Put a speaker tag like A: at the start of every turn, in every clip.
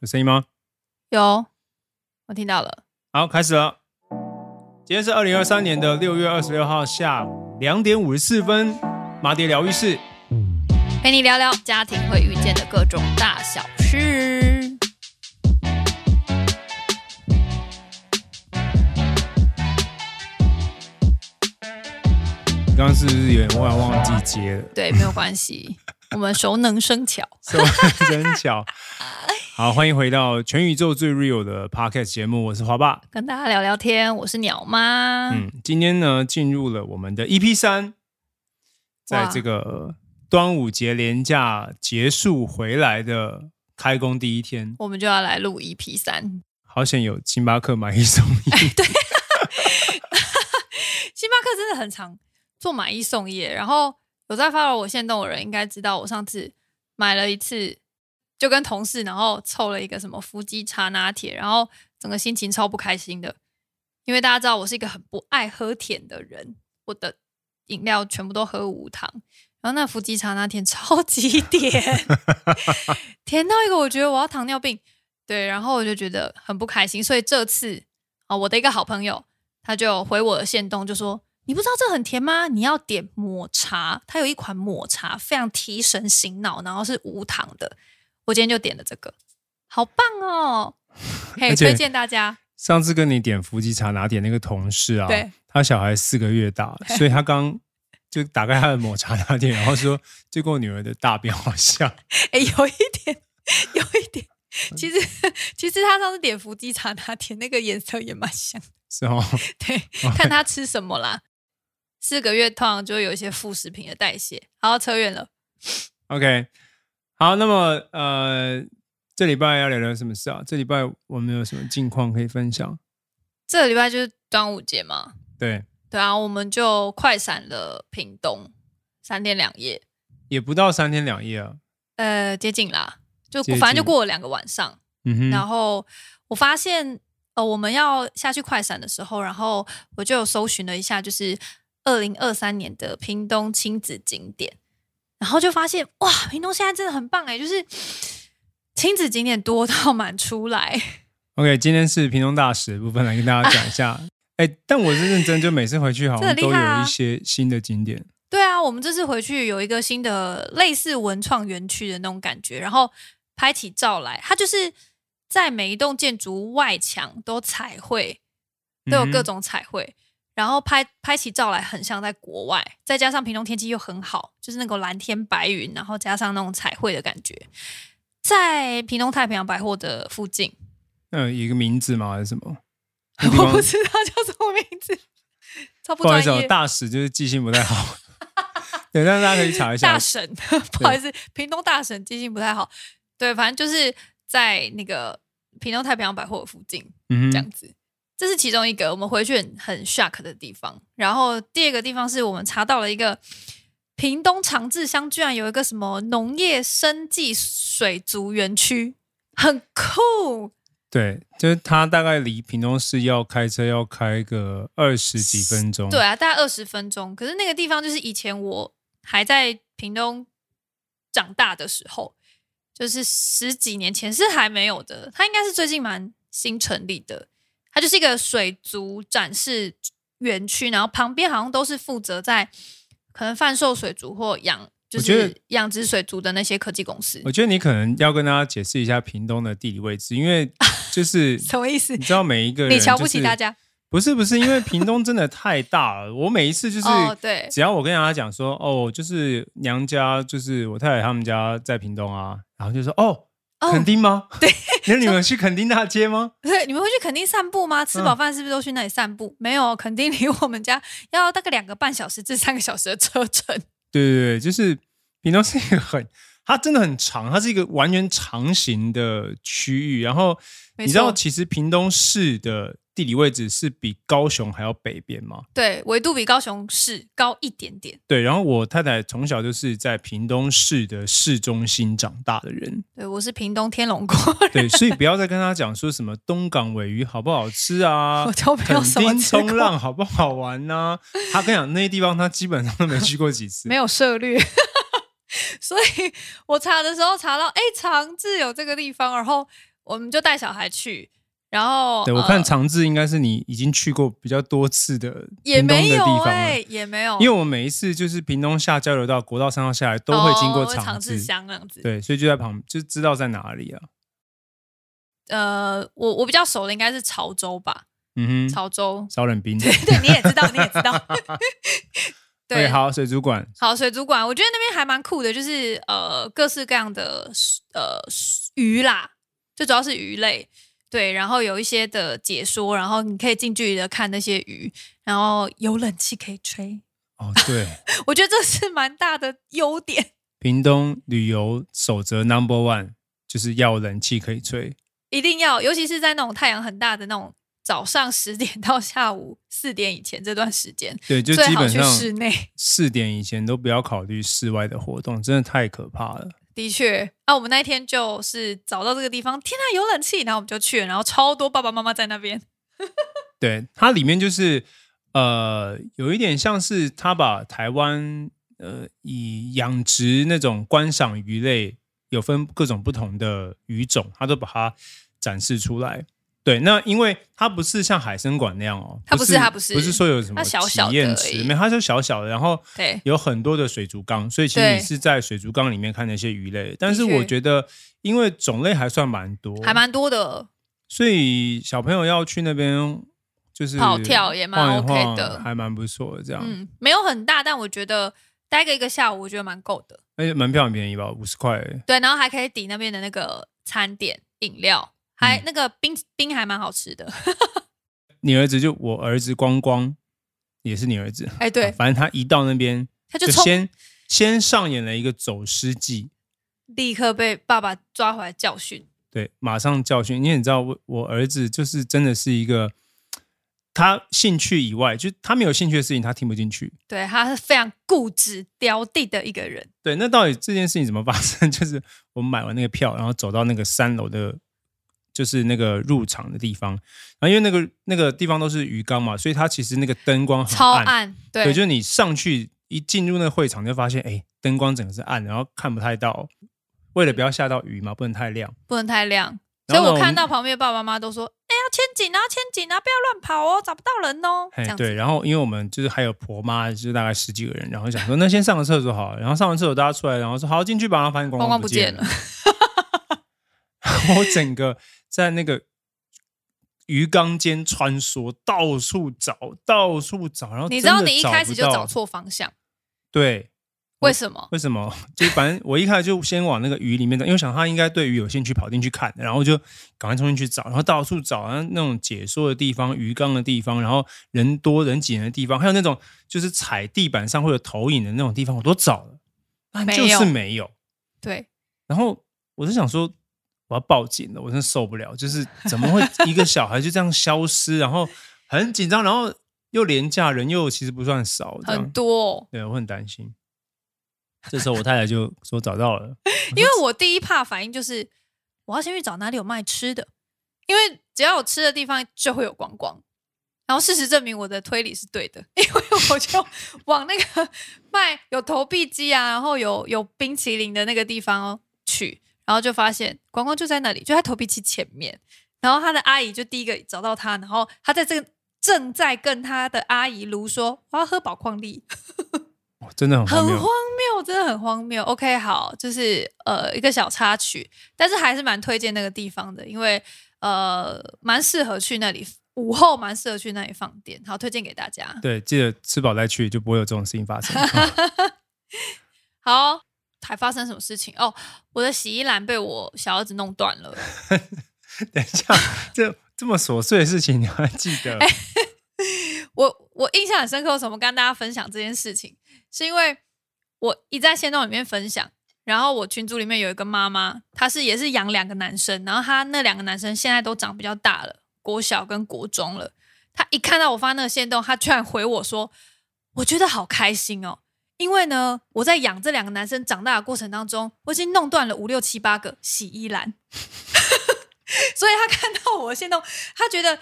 A: 有聲音嗎？有，我聽到了。
B: 好，開始了。今天是二零二三年的六月二十六號下午兩點五十四分，媽爹療癒室，
A: 陪你聊聊家庭會遇見的各種大小事。你
B: 剛剛是不是有點忘記接了？對，沒有
A: 關係。 我們熟能生巧，
B: 熟能生巧。好，歡迎回到全宇宙最 real 的 podcast 節目。我是花爸，
A: 跟大家聊聊天。我是鳥媽。嗯，
B: 今天呢，進入了我們的 EP 三，
A: 在這個、
B: 呃、端午節連假結束回來的開工第一天，
A: 我們就要來錄 EP 三。
B: 好險有星巴克買一送一、哎，對、啊，
A: 星 巴克真的很常做買一送一，然後。有在 follow 我限動的人應該知道，我上次買了一次，就跟同事然後湊了一個什麼伏雞茶拿鐵，然後整個心情超不開心的，因為大家知道我是一個很不愛喝甜的人，我的飲料全部都喝無糖，然後那伏雞茶拿鐵超級甜，甜到一個我覺得我要糖尿病，對，然後我就覺得很不開心，所以這次啊，我的一個好朋友他就回我的限動就說。你不知道這很甜嗎？你要點抹茶，它有一款抹茶非常提神醒腦，然後是無糖的。我今天就點了這個，好棒哦！可以，hey, 推薦大家。
B: 上次跟你點伏吉茶拿鐵那個同事啊，對，他小孩四個月大，所以他剛就打開他的抹茶拿鐵， 然後說：“這跟我女兒的大便好像。”哎，有一點，
A: 有一點。其實，其實他上次點伏吉茶拿鐵那個顏色也蠻像。
B: 是哦。對，
A: 看他吃什麼啦。四個月，突然就有一些副食品的代謝。好，扯遠了。
B: OK，好，那麽呃，這禮拜要聊聊什麽事啊？這禮拜我們有什麽近況可以分享？
A: 這個禮拜就是端午節嘛。對對啊，我們就快閃了屏東三天兩夜，
B: 也不到三天兩夜啊。
A: 呃，接近啦，
B: 就反正就過了
A: 兩個晚上。嗯哼。然後我發現，呃，我們要下去快閃的時候，然後我就搜尋了一下，就是。二零二三年的屏東親子景點，然後就發現哇，屏東現在真的很棒哎，欸，就是親子景點多到滿出來。
B: OK，今天是屏東大使的部分來跟大家講一下。哎、啊欸，但我是認真，就每次回去好像都有一些新的景點。啊
A: 對啊，我們這次回去有一個新的類似文創園區的那種感覺，然後拍起照來，它就是在每一棟建築外牆都彩繪，都有各種彩繪。嗯然後拍拍起照來很像在國外，再加上屏東天氣又很好，就是那個藍天白雲，然後加上那種彩繪的感覺，在屏東太平洋百貨的附近。
B: 嗯，一個名字嗎，還是什麼？我不知
A: 道叫什麼名字。超不，不好意思，大
B: 使就是記性不太好。 對，但大家可以查一下。大神，
A: 不好意思，屏東大神記性不太好。對，反正就是在那個屏東太平洋百貨的附近，嗯，這樣子。這是其中一個我們回去很、很 shock 的地方。然後第二個地方是我們查到了一個屏東長治鄉，居然有一個什麼農業生技水族園區，很酷，cool。
B: 對，就是它大概離屏東市要開車要開個二十幾分鐘。對
A: 啊，大概二十分鐘。可是那個地方就是以前我還在屏東長大的時候，就是十幾年前是還沒有的。它應該是最近蠻新成立的。它就是一個水族展示園區，然後旁邊好像都是負責在可能販售水族或養，就是養殖水族的那些科技公
B: 司。我覺得，我覺得你可能要跟大家解釋一下屏東的地理位置，因為就是 什麼意思？你知道每一個人、就是、你瞧不起大家？不是不是，因為屏東真的太大了。 我每一次就是、oh, 對，只要我跟大家講說哦，就是娘家就是我太太他們家在屏東啊，然後就說哦。墾、oh, 丁嗎？對，那 你，你們去墾丁大街嗎？
A: 對，你們會去墾丁散步嗎？吃飽飯是不是都去那裡散步？嗯、沒有，墾丁離我們家要大概兩個半小時至三個小時的車程。對
B: 對對，就是屏東是一個很。 它真的很長，它是一個完全長形的區域。然後你知道，其實屏東市的地理位置是比高雄還要北邊嗎？
A: 對，緯度比高雄市高一點點。
B: 對，然後我太太從小就是在屏東市的市中心長大的人。
A: 對，我是屏東天龍國
B: 人。對，所以不要再跟他講說什麼東港鮪魚好不好吃啊？我都不用墾丁衝浪好不好玩啊？ 他跟你講那些地方，他基本上都沒去過幾次，
A: 沒有涉獵。所以我查的時候查到，哎、欸，長治有這個地方，然後我們就帶小孩去。然後，對、呃、我看長
B: 治應該是你已經去過比較多次的也沒有、欸，地方
A: 也沒有。因為我
B: 每一次就是屏東下交流道國道三號下，下來，都會經過長治鄉，哦、這樣子。對，所以就在旁邊，就知道在哪裡啊。
A: 呃，我我比較熟的應該是潮州吧，
B: 嗯哼，潮州、燒冷冰。對，你也知道，你也知道。 對，對，好水族館，
A: 好水族館，我覺得那邊還蠻酷的，就是呃各式各樣的呃魚啦，最主要是魚類，對，然後有一些的解說，然後你可以近距離的看那些魚，然後有冷氣可以吹，
B: 哦對，
A: 我覺得這是蠻大的優點。
B: 屏東旅遊守則 Number One 就是要冷氣可以吹，
A: 一定要，尤其是在那種太陽很大的那種。早上十點到下午四點以前這段時間，對，就基本上室內，
B: 四點以前都不要考慮室外的活動，真的太可怕了。
A: 的確，啊，我們那一天就是找到這個地方，天啊，有冷氣，然後我們就去了，然後超多爸爸媽媽在那邊。
B: 對，它裡面就是呃，有一點像是他把台灣呃以養殖那種觀賞魚類，有分各種不同的魚種，他都把它展示出來。對，那因為它不是像海生館那樣哦、喔，它不是，不是，它不是，不是說有什麼它小小的體驗池，沒，它是小小的，然後對，有很多的水族缸，所以其實是在水族缸裡面看那些魚類。但是我覺得，因為種類還算蠻多，還蠻多的，所以小朋友要去那邊就是跑跳也蠻 OK 的，晃晃還蠻不錯的。這樣、嗯，
A: 沒有很大，但我覺得待個一個下午，我覺得蠻夠的。
B: 而且門票很便宜吧，五十塊。
A: 對，然後還可以抵那邊的那個餐點飲料。還那個冰冰還蠻好吃的，嗯。
B: 你兒子就我兒子光光也是你兒子。哎，對，反正他一到那邊，他就，就先先上演了一個走失記，
A: 立刻被爸爸抓回來教訓。
B: 對，馬上教訓，因為你知道我我兒子就是真的是一個，他興趣以外就他沒有興趣的事情他聽不進去。
A: 對，他是非常固執掉地的一個人。
B: 對，那到底這件事情怎麼發生？就是我們買完那個票，然後走到那個三樓的。就是那個入場的地方，然、啊、後因為那個那個地方都是魚缸嘛，所以它其實那個燈光很暗。超暗對，所以就是你上去一進入那個會場，就發現哎，燈、欸、光整個是暗，然後看不太到。為了不要嚇到魚嘛，不能太亮，
A: 不能太亮。然後然後所以我看到旁邊爸爸媽媽都說：“哎、欸、呀，牽緊啊，牽緊啊，不要亂跑哦，找不到人哦。”對。
B: 然後因為我們就是還有婆媽，就是大概十幾個人，然後想說那先上個廁所好了。然後上完廁所大家出來，然後說好進去吧。然後發現光光不見了。光光 我整個在那個魚缸間穿梭，到處找，到處找，然後你知道，你一開始就找錯方向，對，
A: 為什
B: 麼？為什麼？就反正我一開始就先往那個魚裡面，因為想他應該對魚有興趣，跑進去看，然後就趕快衝進去找，然後到處找，然後那種解說的地方、魚缸的地方，然後人多人擠人的地方，還有那種就是踩地板上或者投影的那種地方，我都找了，
A: 就是沒有，沒有。對，
B: 然後我就想說。我要報警了，我真的受不了！就是怎麼會一個小孩就這樣消失， 然後很緊張，然後又廉價，人又其實不算少，很多哦。對，我很擔心。這時候我太太就說找到了，
A: 因為我第一怕反應就是我要先去找哪裡有賣吃的，因為只要有吃的地方就會有光光。然後事實證明我的推理是對的，因為我就往那個賣有投幣機啊， 然後有有冰淇淋的那個地方哦，去，然後就發現光光就在那裡，就在頭皮機前面。然後他的阿姨就第一個找到他，然後他在這個正在跟他的阿姨盧說：“我要喝寶礦力。哦”真
B: 的很荒謬很荒
A: 謬，真的很荒謬。OK，好，就是呃一個小插曲，但是還是蠻推薦那個地方的，因為呃蠻適合去那裡，午後蠻適合去那裡放電。好，推薦給大家。
B: 對，記得吃飽再去，就不會有這種事情發生。
A: 哦、好。還發生什麼事情？哦、oh，我的洗衣籃被我小兒子弄斷了。
B: 等一下， 這這麼瑣碎的事情你還記得嗎、欸？
A: 我我印象很深刻，為什麼跟大家分享這件事情？是因為我一在限動裡面分享，然後我群組裡面有一個媽媽，她是也是養兩個男生，然後她那兩個男生現在都長比較大了，國小跟國中了。她一看到我發那個限動，她居然回我說：“我覺得好開心哦。”因為呢，我在養這兩個男生長大的過程當中，我已經弄斷了五六七八個洗衣籃， 所以他看到我先弄，他覺得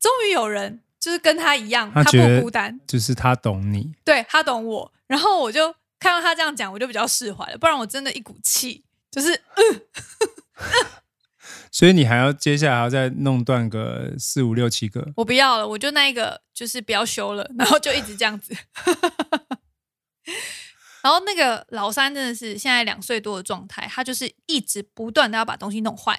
A: 終於有人就是跟他一樣，他、他不孤單，
B: 就是他懂你，
A: 對，他懂我。然後我就看到他這樣講，我就比較釋懷了。不然我真的一股氣，就是。嗯、
B: 所以你還要接下來要再弄斷個四五六七個？我
A: 不要了，我就那一個就是不要修了，然後就一直這樣子。 然後那個老三真的是現在兩歲多的狀態，他就是一直不斷的要把東西弄壞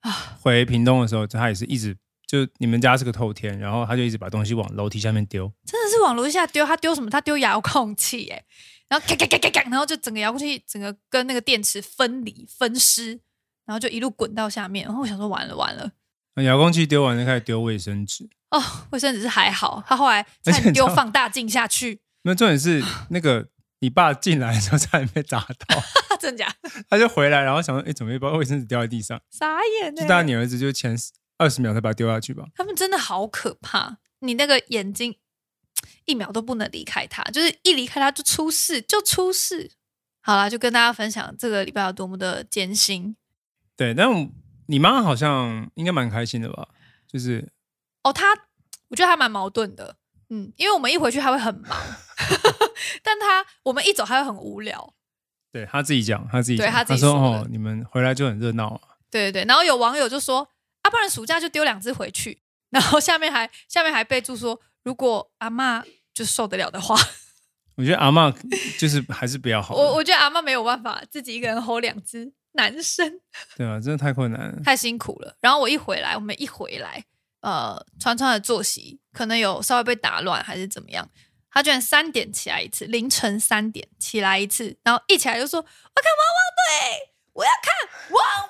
B: 啊。回屏東的時候，他也是一直，就你們家是個透天，然後他就一直把東西往樓梯下面丟，
A: 真的是往樓梯下丟。他丟什麼？他丟遙控器哎、欸，然後咳咳咳咳，然後就整個遙控器整個跟那個電池分離分屍，然後就一路滾到下面。然後我想說完了完了，
B: 遙控器丟完就開始丟衛生紙
A: 哦，衛生紙是還好，他後來再丟放大鏡下去。
B: 那重點是，那個你爸進來的時候差點被砸到， 真假？他就回來，然後想說：“哎、欸，怎麼一包衛生紙掉在地上？”傻
A: 眼嘞、欸！就當你
B: 兒子就前二十秒才把它丟下去吧。他
A: 們真的好可怕，你那個眼睛一秒都不能離開他，就是一離開他就出事，就出事。好了，就跟大家分享這個禮拜有多麼的艱辛。
B: 對，但你媽媽好像應該蠻開心的吧？就是
A: 哦，她我覺得她蠻矛盾的。嗯，因為我們一回去他會很忙， 但他我們一走他會很無聊。
B: 對，他自己講，他自己講，他自己講，對他自己，他說：“哦，你們回來就很熱鬧啊。”對
A: 對對，然後有網友就說：“阿爸，人暑假就丟兩隻回去。”然後下面還下面還備註說：“如果阿媽就受得了的話。”
B: 我覺得阿媽就是還是比較好。 我
A: 我覺得阿媽沒有辦法自己一個人吼兩隻男生。
B: 對啊，真的太困難了，
A: 太辛苦了。然後我一回來，我們一回來。呃，川川的作息可能有稍微被打亂，還是怎麼樣？他居然三點起來一次，凌晨三點起來一次，然後一起來就說：“我要看汪汪隊，我要看汪汪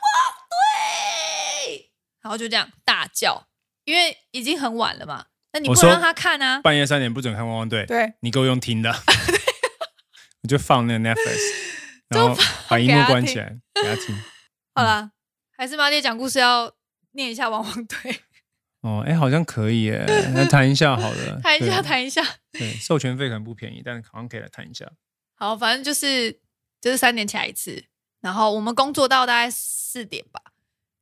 A: 隊。”然後就這樣大叫，因為已經很晚了嘛。那你不能讓他看啊？
B: 半夜三點不准看汪汪隊。對，你給我用聽的， 你就放那個 Netflix，然後把熒幕關起來給，給他聽。 他聽
A: 好了，還是媽爹講故事要念一下汪汪隊。
B: 哦，哎、欸，好像可以哎，來 談一下好了，談一下，談一下。對，授權費可能不便宜，但是好像可以來談一下。
A: 好，反正就是就是三點起來一次，然後我們工作到大概四點吧，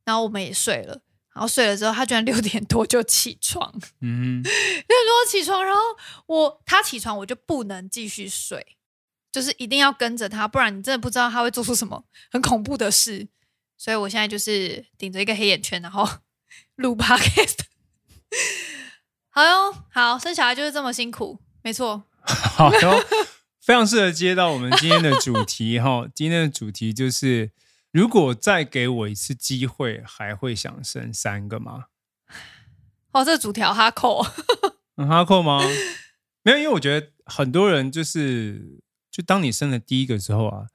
A: 然後我們也睡了，然後睡了之後，他居然六點多就起床，嗯，六 點多起床，然後我他起床我就不能繼續睡，就是一定要跟着他，不然你真的不知道他會做出什麼很恐怖的事。所以我現在就是頂着一個黑眼圈，然後錄 p o 好喲，好，生小孩就是這麼辛苦，沒錯。
B: 好喲， 非常適合接到我們今天的主題哈。 今天的主題就是，如果再給我一次機會，還會想生三個嗎？
A: 哦，這個、主題哈扣，
B: 哈 扣嗎？沒有，因為我覺得很多人就是，就當你生了第一個之後啊，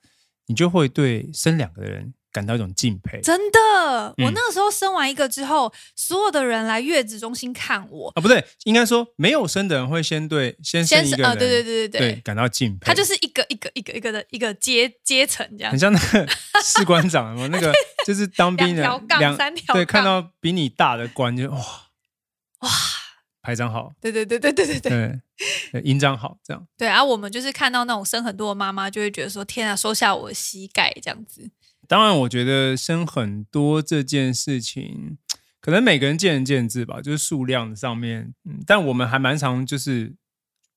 B: 你就會對生兩個人，感到一種敬佩，真
A: 的。我那個時候生完一個之後、嗯，所有的人來月子中心看我啊，不
B: 對，應該說沒有生的人會先對先生啊、呃、對對對對對，感到敬佩。他就是
A: 一個一個一個一個的一個階階,階層這樣，很像那
B: 個士官長，我 那個就是當兵的 兩,條槓兩三條槓，對，看到比你大的官就哇哇排長好，
A: 對對對對對對
B: 對，營長好這樣。
A: 對啊，我們就是看到那種生很多的媽媽，就會覺得說天啊，收下我的膝蓋這樣子。
B: 當然，我覺得生很多這件事情，可能每個人見仁見智吧。就是數量上面，嗯，但我們還蠻常就是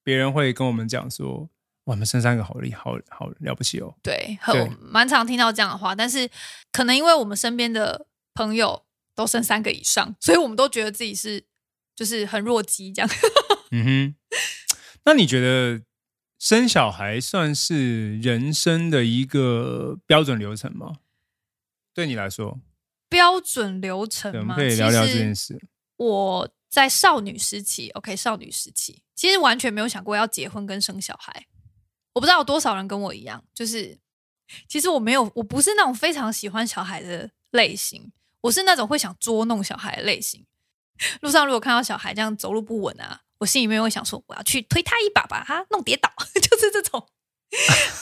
B: 別人會跟我們講說，我們生三個好厲害好好了不起哦。對，很
A: 蠻常聽到這樣的話。但是可能因為我們身邊的朋友都生三個以上，所以我們都覺得自己是就是很弱雞這樣。
B: 嗯哼，那你覺得生小孩算是人生的一個標準流程嗎？對你來說，
A: 標準流程嗎？可以聊聊這件事。我在少女時期，OK，少女時期，其實完全沒有想過要結婚跟生小孩。我不知道有多少人跟我一樣，就是其實我沒有，我不是那種非常喜歡小孩的類型，我是那種會想捉弄小孩的類型。路上如果看到小孩這樣走路不穩啊，我心裡面會想說，我要去推他一把，把他弄跌倒， 就是這種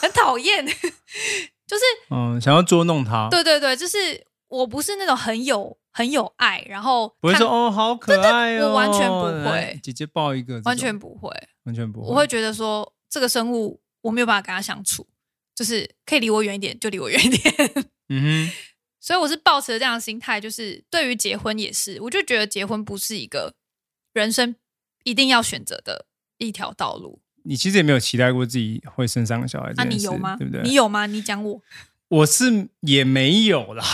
A: 很討厭。 就是
B: 嗯，想要捉弄他。對
A: 對對，就是我不是那種很有很有愛，然後不
B: 會說哦好可愛哦，我完全不會。姐姐抱一個，完全不會，完全不會。我會
A: 覺得說這個生物我沒有辦法跟他相處，就是可以離我遠一點，就離我遠一點。 嗯哼，所以我是抱持了這樣的心態，就是對於結婚也是，我就覺得結婚不是一個人生一定要選擇的一條道路。
B: 你其實也沒有期待過自己會生三個小孩，那、啊、你有嗎？對不對？你有
A: 嗎？你講我，
B: 我是也沒有啦。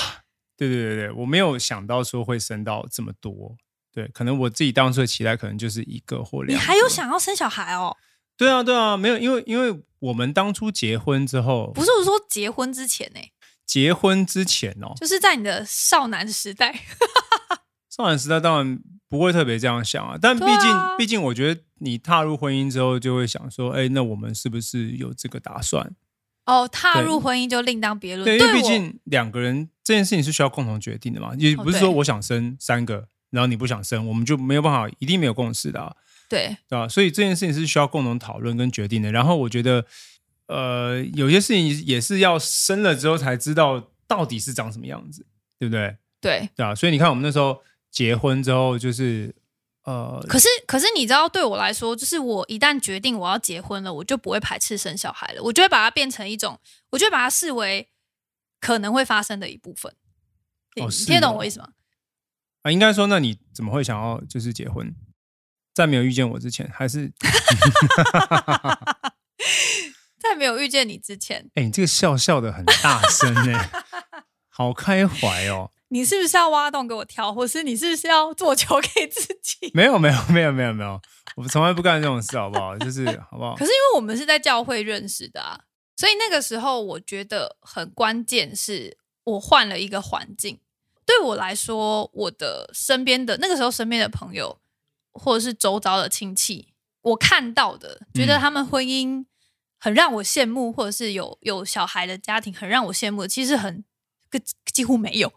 B: 對對對對，我沒有想到說會生到這麼多。對，可能我自己當初的期待可能就是一個或兩個。你
A: 還有想要生小孩哦？
B: 對啊對啊，沒有，因為因為我們當初結婚之後，不
A: 是我說結婚之前呢、欸？
B: 結婚之前哦，就
A: 是在你的少男時代。
B: 當然，時代當然不會特別這樣想啊。但畢竟，啊、畢竟，我覺得你踏入婚姻之後，就會想說：哎、欸，那我們是不是有這個打算？
A: 哦、oh，踏入婚姻就另當別論。對，因為畢竟
B: 兩個人這件事情是需要共同決定的嘛。也不是說我想生三個，oh, 然後你不想生，我們就沒有辦法，一定沒有共識的啊。對，對啊。所以這件事情是需要共同討論跟決定的。然後我覺得，呃，有些事情也是要生了之後才知道到底是長什麼樣子，對不對？對，對啊。所以你看，我們那時候。結婚之後就是，呃，可是
A: 可是你知道，對我來說，就是我一旦決定我要結婚了，我就不會排斥生小孩了，我就會把它變成一種，我就會把它視為可能會發生的一部分。
B: 哦，哦，你聽懂我意思嗎？啊、呃，應該說，那你怎麼會想要就是結婚？在沒有遇見我之前，還是
A: 在 沒有遇見你之前？
B: 哎、欸，你這個笑笑的很大聲呢，好開懷哦。
A: 你是不是要挖洞給我跳，或是你是不是要做球給自己？沒
B: 有沒有沒有沒有沒有，我從來不幹這種事， 好不好？就是好不好？可
A: 是因為我們是在教會認識的啊，所以那個時候我覺得很關鍵，是我換了一個環境，對我來說，我的身邊的那個時候身邊的朋友或者是周遭的親戚，我看到的，覺得他們婚姻很讓我羨慕，或者是有有小孩的家庭很讓我羨慕，其實很個。幾乎沒有，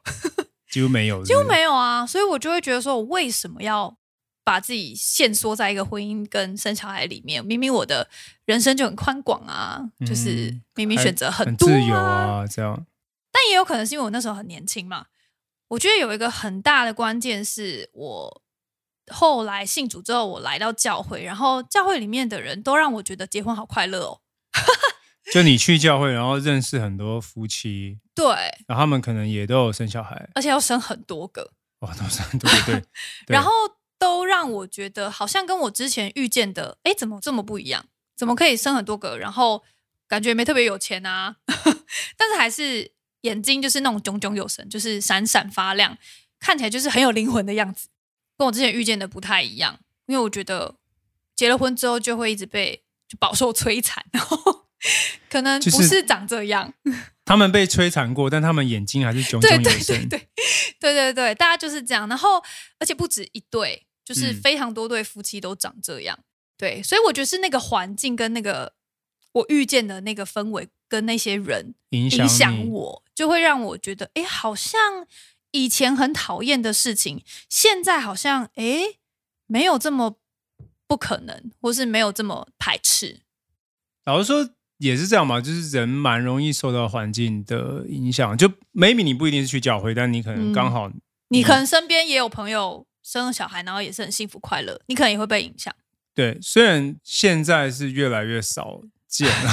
B: 幾乎沒有，幾乎沒
A: 有啊！所以我就會覺得說，我為什麼要把自己限縮在一個婚姻跟生小孩裡面？明明我的人生就很寬廣啊，就是明明選擇很自由啊，這樣。但也有可能是因為我那時候很年輕嘛。我覺得有一個很大的關鍵是我後來信主之後，我來到教會，然後教會裡面的人都讓我覺得結婚好快樂哦。
B: 就你去教會，然後認識很多夫妻，對，然後他們可能也都有生小孩，
A: 而且要生很多個，哇、
B: 哦，都生很多個對不對？對 然後
A: 都讓我覺得好像跟我之前遇見的，哎，怎麼這麼不一樣？怎麼可以生很多個？然後感覺沒特別有錢啊， 但是還是眼睛就是那種炯炯有神，就是閃閃發亮，看起來就是很有靈魂的樣子，跟我之前遇見的不太一樣。因為我覺得結了婚之後就會一直被就飽受摧殘，然後。可能、就是、不是長這樣，
B: 他們被摧殘過， 但他們眼睛還是炯炯有神。對
A: 對對對對對對，大家就是這樣。然後，而且不止一對，就是非常多對夫妻都長這樣。嗯、對，所以我覺得是那個環境跟那個我遇見的那個氛圍跟那些人影響我，就會讓我覺得，哎、欸，好像以前很討厭的事情，現在好像哎、欸、沒有這麼不可能，或是沒有這麼排斥。
B: 老實說。也是這樣嘛，就是人蠻容易受到環境的影響。就 maybe 你不一定是去教會，但你可能剛好、嗯，
A: 你可能身邊也有朋友生了小孩，然後也是很幸福快樂，你可能也會被影響。
B: 對，雖然現在是越來越少見了、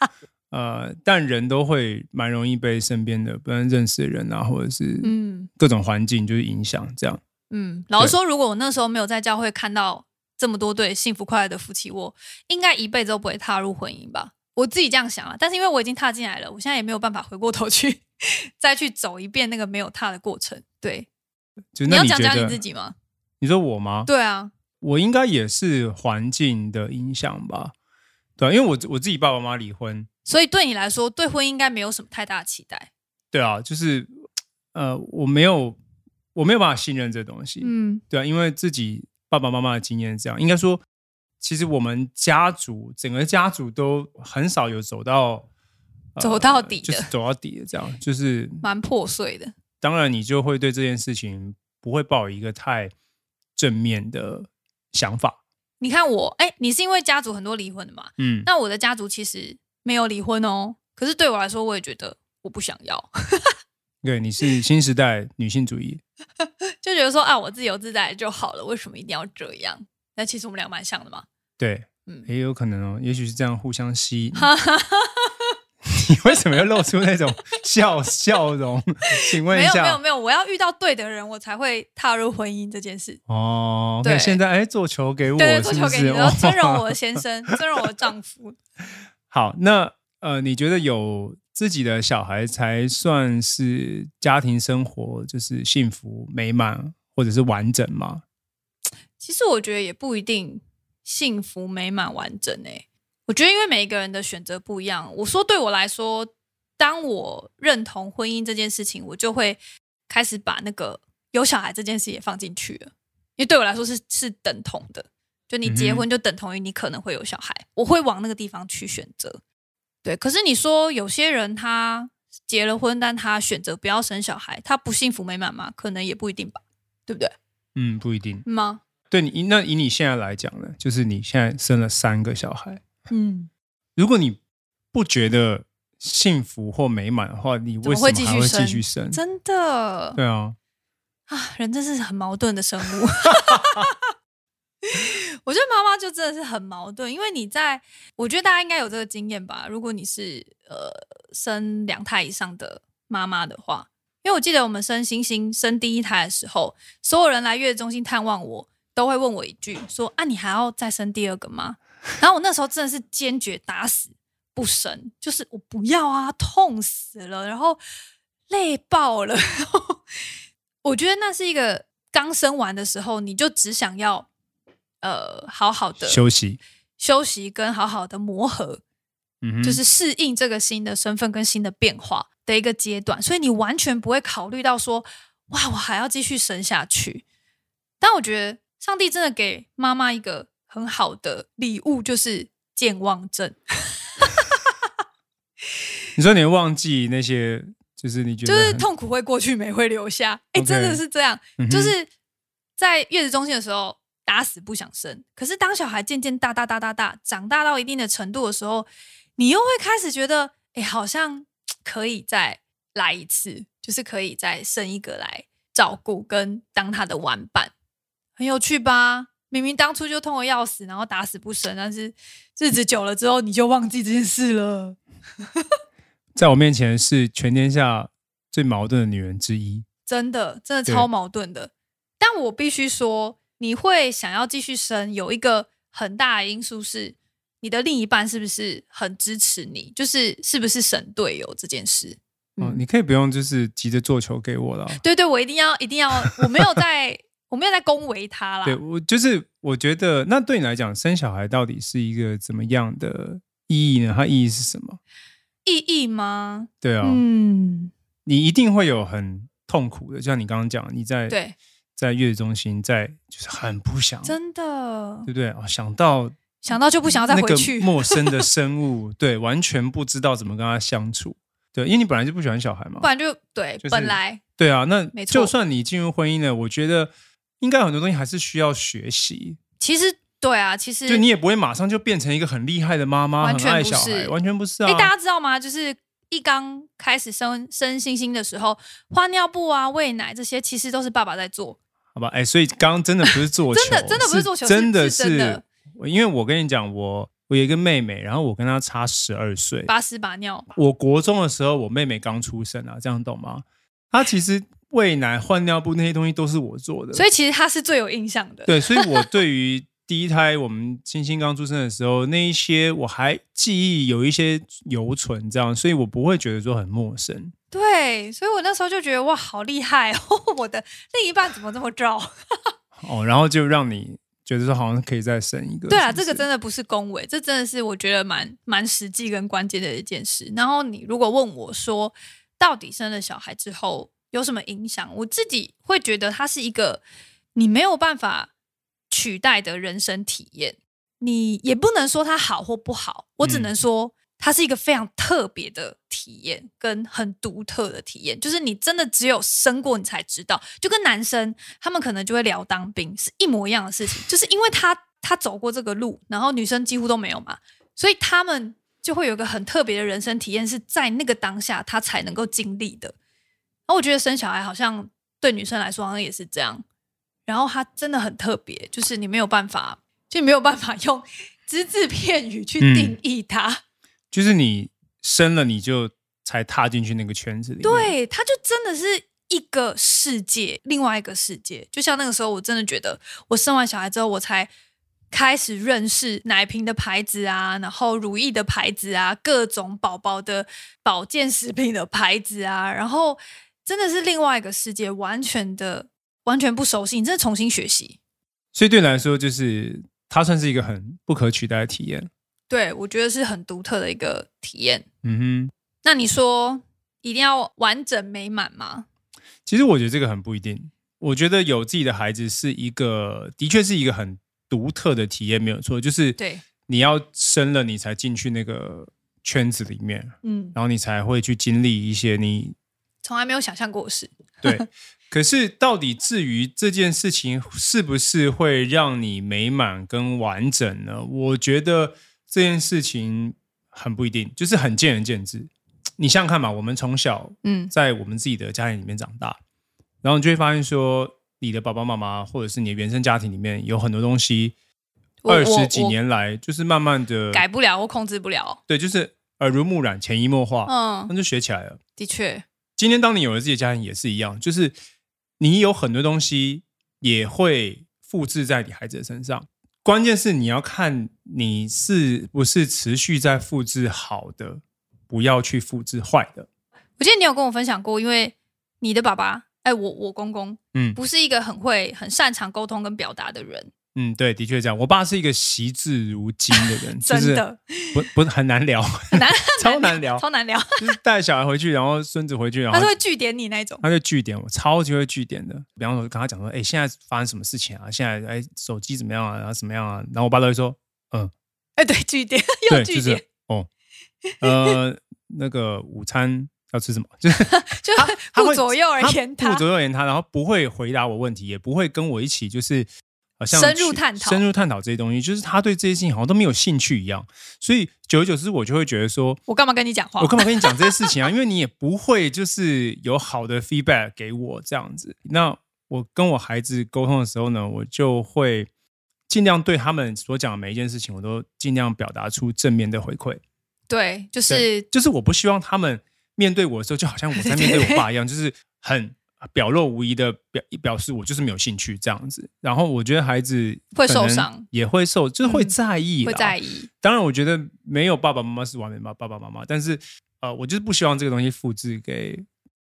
B: 啊， 呃，但人都會蠻容易被身邊的不論是認識的人啊，或者是嗯各種環境就是影響這樣。
A: 嗯，老實說，如果我那時候沒有在教會看到這麼多對幸福快樂的夫妻，我應該一輩子都不會踏入婚姻吧。我自己這樣想啊，但是因為我已經踏進來了，我現在也沒有辦法回過頭去再去走一遍那個沒有踏的過程。對，
B: 就那你，你要講講你自己嗎？你說我嗎？對啊，我應該也是環境的影響吧？對啊，因為我我自己爸爸媽媽離婚，
A: 所以對你來說，對婚姻應該沒有什麼太大的期待。
B: 對啊，就是呃，我沒有，我沒有辦法信任這東西。嗯，對啊，因為自己爸爸媽媽的經驗是這樣，應該說。其實我們家族整個家族都很少有走到
A: 走到底的，呃，就是
B: 走到底的，這樣就是
A: 蠻破碎的。
B: 當然，你就會對這件事情不會抱有一個太正面的想法。
A: 你看我，哎，你是因為家族很多離婚的嘛？嗯，那我的家族其實沒有離婚哦。可是對我來說，我也覺得我不想要。
B: 對，你是新時代女性主義，
A: 就覺得說啊，我自由自在就好了，為什麼一定要這樣？那其實我們倆蠻像的嘛。
B: 對，嗯，也有可能哦，也許是這樣互相吸引哈 你為什麼要露出那種笑,笑笑容？請問一下，沒有
A: 沒有，我要遇到對的人，我才會踏入婚姻這件事。
B: 哦，對，現在哎，做球給我是不是，對，做球給你、哦，尊榮我的
A: 先生，尊榮我的丈夫。
B: 好，那呃，你覺得有自己的小孩才算是家庭生活就是幸福美滿或者是完整嗎？
A: 其實我覺得也不一定幸福美滿完整誒、欸，我覺得因為每一個人的選擇不一樣。我說對我來說，當我認同婚姻這件事情，我就會開始把那個有小孩這件事情也放進去了，因為對我來說是是等同的。就你結婚就等同於你可能會有小孩，我會往那個地方去選擇。對，可是你說有些人他結了婚，但他選擇不要生小孩，他不幸福美滿嗎？可能也不一定吧，對不對？
B: 嗯，不一定嗎？對你那以你現在來講呢，就是你現在生了三個小孩。嗯，如果你不覺得幸福或美滿的話，你為什麼還會繼續生？怎麼會繼續生，真的？對啊，
A: 啊，人真是很矛盾的生物。 我覺得媽媽就真的是很矛盾，因為你在，我覺得大家應該有這個經驗吧。如果你是呃生兩胎以上的媽媽的話，因為我記得我們生星星，生第一胎的時候，所有人來月子中心探望我。都會問我一句說啊，你還要再生第二個嗎？然後我那時候真的是堅決打死不生，就是我不要啊，痛死了，然後累爆了。然後我覺得那是一個剛生完的時候，你就只想要呃好好的休息、休息跟好好的磨合，嗯，就是適應這個新的身份跟新的變化的一個階段。所以你完全不會考慮到說哇，我還要繼續生下去。但我覺得。上帝真的給媽媽一個很好的禮物，就是健忘症。
B: 你說你會忘記那些，就是你覺得就是痛
A: 苦會過去，美會留下。哎、欸，okay. 真的是這樣、嗯。就是在月子中心的時候，打死不想生。可是當小孩漸漸大、大、大、大、大，長大到一定的程度的時候，你又會開始覺得，哎、欸，好像可以再來一次，就是可以再生一個來照顧跟當他的玩伴。很有趣吧？明明當初就痛得要死，然後打死不生，但是日子久了之後，你就忘記這件事了。
B: 在我面前是全天下最矛盾的女人之一，
A: 真的，真的超矛盾的。但我必須說，你會想要繼續生，有一個很大的因素是你的另一半是不是很支持你，就是是不是神隊友這件事。
B: 嗯、哦，你可以不用，就是急着做球給我了、嗯。
A: 對對，我一定要，一定要，我沒有在。 我沒有在恭維他啦。對我
B: 就是，我覺得那對你來講，生小孩到底是一個怎麼樣的意義呢？它意義是什麼？
A: 意義嗎？
B: 對啊，嗯，你一定會有很痛苦的，就像你剛剛講，你在對在月子中心在，在就是很不想，真的對不對？哦、想到想到就不想要再回去，那個、陌生的生物， 對，完全不知道怎麼跟他相處。對，因為你本來就不喜歡小孩嘛，
A: 不然就對、就是、本來
B: 對啊，那就算你進入婚姻了，我覺得。應該很多東西還是需要學習。
A: 其實，對啊，其實就你也不
B: 會馬上就變成一個很厲害的媽媽，完全很愛小孩不是，完全不是，啊。哎、欸，大家知
A: 道嗎？就是一剛開始生生星星的時候，換尿布啊，餵奶這些，其實都是爸爸在做。
B: 好吧，哎、欸，所以剛剛真的不是做球， 真的真的不是做球，是真的是，是真的。因為我跟你講，我我有一個妹妹，然後我跟她差十二歲，把屎把尿。我國中的時候，我妹妹剛出生啊，這樣懂嗎？她其實。 餵奶、換尿布那些東西都是我做的，所以
A: 其實他是最有印象的。對，所以我
B: 對於第一胎 我們星星剛出生的時候，那一些我還記憶有一些猶存，這樣，所以我不會覺得說很陌生。
A: 對，所以我那時候就覺得哇，好厲害哦！我的另一半怎麼這麼罩 ？
B: 哦，然後就讓你覺得說好像可以再生一個。對啊，是是這
A: 個真的不是恭維，這真的是我覺得蠻蠻實際跟關鍵的一件事。然後你如果問我說，到底生了小孩之後，有什麼影響？我自己會覺得它是一個你沒有辦法取代的人生體驗。你也不能說它好或不好，我只能說它是一個非常特別的體驗，跟很獨特的體驗。就是你真的只有生過，你才知道，就跟男生他們可能就會聊當兵是一模一樣的事情。就是因為他他走過這個路，然後女生幾乎都沒有嘛，所以他們就會有一個很特別的人生體驗，是在那個當下他才能夠經歷的。然後我覺得生小孩好像對女生來說好像也是這樣，然後它真的很特別，就是你沒有辦法，就沒有辦法用只字片語去定義它、嗯。
B: 就是你生了，你就才踏進去那個圈子裡。
A: 對，它就真的是一個世界，另外一個世界。就像那個時候，我真的覺得我生完小孩之後，我才開始認識奶瓶的牌子啊，然後乳液的牌子啊，各種寶寶的保健食品的牌子啊，然後。真的是另外一個世界，完全的完全不熟悉，你真的重新學習。
B: 所以對你來說，就是它算是一個很不可取代的體驗。
A: 對，我覺得是很獨特的一個體驗。
B: 嗯哼，
A: 那你說一定要完整美滿嗎？嗯，
B: 其實我覺得這個很不一定。我覺得有自己的孩子是一個，的確是一個很獨特的體驗，沒有錯。就是對，你要生了，你才進去那個圈子裡面，嗯，然後你才會去經歷一些你。
A: 從來沒有想象過
B: 的事。對， 可是到底至於這件事情是不是會讓你美滿跟完整呢？我覺得這件事情很不一定，就是很見仁見智。你想想看嘛，我們從小嗯，在我們自己的家庭裡面長大，嗯，然後你就會發現說，你的爸爸媽媽或者是你的原生家庭裡面有很多東西，二十幾年來就是慢慢的改
A: 不了或控制不了。
B: 對，就是耳濡目染、潛移默化，嗯，那就學起來了。的確。今天，當你有了自己的家庭，也是一樣，就是你有很多東西也會複製在你孩子的身上。關鍵是你要看你是不是持續在複製好的，不要去複製壞的。
A: 我記得你有跟我分享過，因為你的爸爸，哎，我我公公，嗯，不是一個很會、很擅長溝通跟表達的人。
B: 嗯，對，的確是這樣。我爸是一個惜字如金的人，啊、真的、就是、不不是很，難聊，很難，難，聊難聊，超難聊，超難聊。帶小孩回去，然後孫子回去，然後他是會
A: 句點你那種，他
B: 就句點我，超級會句點的。比方說跟他講說，哎，現在發生什麼事情啊？現在哎，手機怎麼樣啊？然後怎麼樣啊？然後我爸都會說，嗯，
A: 哎，對，句點又句點對、就是，
B: 哦，呃， 那個午餐要吃什麼？就是、
A: 就顧左右而言他，顧左
B: 右而言他，然後不會回答我問題，也不會跟我一起，就是。好像深入探討，深入探討這些東西，就是他對這些事情好像都沒有興趣一樣。所以久而久之，我就會覺得說，
A: 我幹嘛跟你講話？我幹嘛
B: 跟你講這些事情啊？ 因為你也不會就是有好的 feedback 給我這樣子。那我跟我孩子溝通的時候呢，我就會盡量對他們所講的每一件事情，我都盡量表達出正面的回饋。對，就是就是我不希望他們面對我的時候，就好像我在面對我爸一樣， 就是很。表露無遺的表表示，我就是沒有興趣這樣子，然後我覺得孩子會受傷，也會受，會受就是會在意，嗯，會在意。當然，我覺得沒有爸爸媽媽是完美的爸爸媽媽，但是呃，我就是不希望這個東西複製給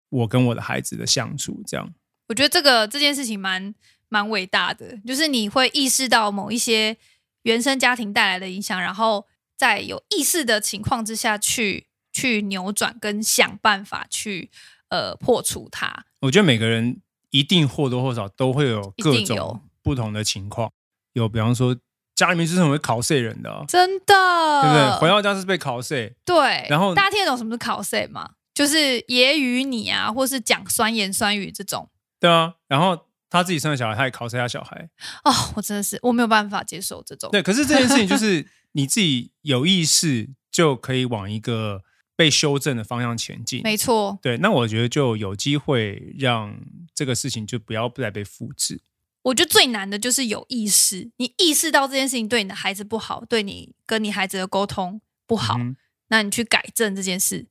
B: 我跟我的孩子的相處這樣。
A: 我覺得這個這件事情蠻蠻偉大的，就是你會意識到某一些原生家庭帶來的影響，然後在有意識的情況之下去去扭轉跟想辦法去呃破除它。
B: 我覺得每個人一定或多或少都會有各種不同的情況，有比方說家裡面是什麼會考碎人的啊，
A: 真的，對不對？回
B: 到家是被考碎，
A: 對。然後大家聽得懂什麼是考碎嗎？就是揶揄你啊，或是講酸言酸語這種，
B: 對啊。然後他自己生了小孩，他也考碎他小孩。
A: 哦，我真的是我沒有辦法接受這種。對，可是這件事情就是
B: 你自己有意識就可以往一個。被修正的方向前進，沒錯。對，那我覺得就有機會讓這個事情，就不要不再被複製。
A: 我覺得最難的就是有意識，你意識到這件事情對你的孩子不好，對你跟你孩子的溝通不好，嗯，那你去改正這件事，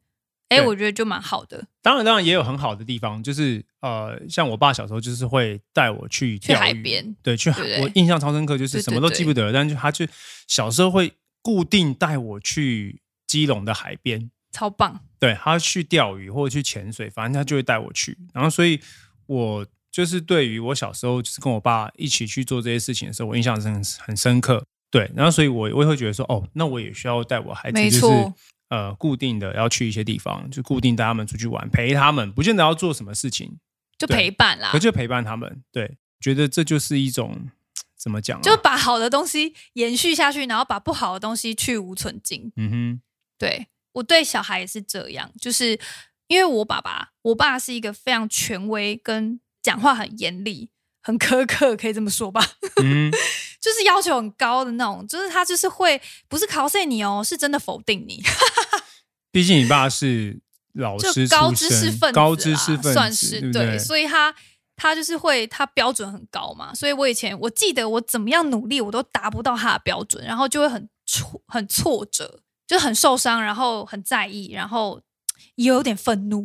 A: 哎，欸，我覺得就蠻好的。
B: 當然，當然也有很好的地方，就是呃，像我爸小時候就是會帶我去去海邊，對，去海，我印象超深刻，就是什麼都記不得了，對對對對，但是他就小時候會固定帶我去基隆的海邊。超棒！對，他去釣魚或者去潛水，反正他就會帶我去。然後，所以，我就是對於我小時候就是跟我爸一起去做這些事情的時候，我印象很很深刻。對，然後，所以我，我我也會覺得說，哦，那我也需要帶我孩子，沒錯。就是呃，固定的要去一些地方，就固定帶他們出去玩，陪他們，不見得要做什麼事情，
A: 就陪伴啦，就
B: 陪伴他們。對，覺得這就是一種怎麼講啊？就
A: 把好的東西延續下去，然後把不好的東西去蕪存菁。嗯哼，對。我對小孩也是這樣，就是因為我爸爸，我爸是一個非常權威，跟講話很嚴厲、很苛刻，可以這麼說吧，嗯、 就是要求很高的那種。就是他就是會不是嘲笑你哦、喔，是真的否定你。
B: 畢竟你爸是老師高，高知識分子，高知識分子算是對、對、對，所
A: 以他他就是會他標準很高嘛。所以我以前我記得我怎麼樣努力，我都達不到他的標準，然後就會很挫，很挫折。就很受傷，然後很在意，然後也有點憤怒。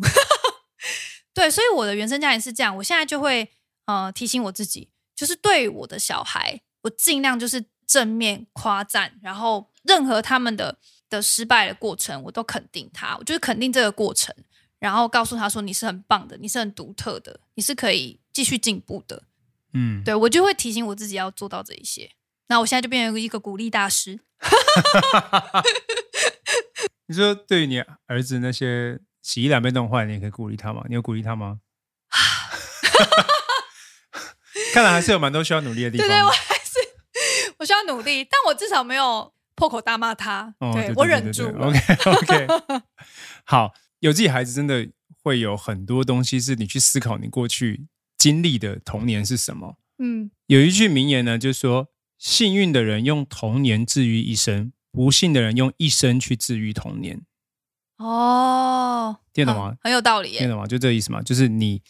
A: 對，所以我的原生家庭是這樣。我現在就會呃提醒我自己，就是對我的小孩，我儘量就是正面誇讚，然後任何他們的的失敗的過程，我都肯定他，我就是肯定這個過程，然後告訴他說你是很棒的，你是很獨特的，你是可以繼續進步的。嗯，對，我就會提醒我自己要做到這一些。那我現在就變成一個鼓勵大師。
B: 你說對於你兒子那些洗衣籃被弄壞，你也可以鼓勵他嗎？你有鼓勵他嗎？ 看來還是有蠻多需要努力的地方。對對，我還是
A: 我需要努力，但我至少沒有破口大罵他，對，、哦、對、對、對、對，我忍住了對對
B: 對對 OK OK， 好，有自己孩子真的會有很多東西是你去思考你過去經歷的童年是什麼。嗯，有一句名言呢，就是說，幸運的人用童年治癒一生。不幸的人用一生去治癒童年，
A: 哦，
B: 聽得懂嗎，啊？很有道理，聽得懂嗎？就這個意思嘛。就是你，